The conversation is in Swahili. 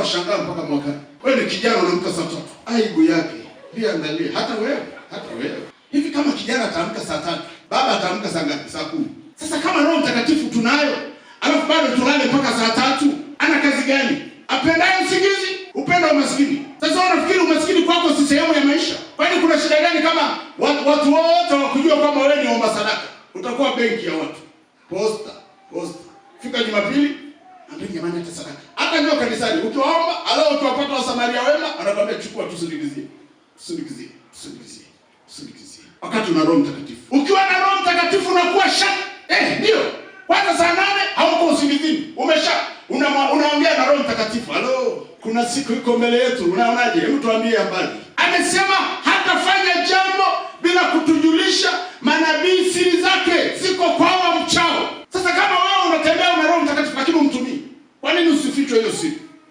washangaa mpaka mwaka. Wewe ni kijana unaamka saa tatu, aibu yake pia angalie. Hata wewe hata wewe hivi, kama kijana ataamka saa tatu, baba ataamka saa ngapi? Saa kumi. Sasa kama Roho Mtakatifu tunayo, alafu bado tulale mpaka saa tatu, ana kazi gani? Apendaye usingizi upenda wa maskini. Sasa unafikiri umaskini kwako si sehemu ya maisha, kwani kuna shida gani? Kama watu wote wakujua kwamba wewe ni omba sadaka, utakuwa benki ya watu, posta posta. Fika Jumapili, ambie jamani, hata sadaka hata njoo kanisani ukiwaomba, alafu ukiwapata wasamaria wema, anakwambia chukua, tusindikizie, tusindikizie, tusindikizie, tusindikizie. Wakati una Roho Mtakatifu, ukiwa na Roho Mtakatifu unakuwa sha eh, ndio kwanza saa nane hauko usingizini, umesha unaongea na Roho Mtakatifu. Alo, kuna siku iko mbele yetu, unaonaje? Hebu tuambie habari, amesema Yusuf, Joyusuf.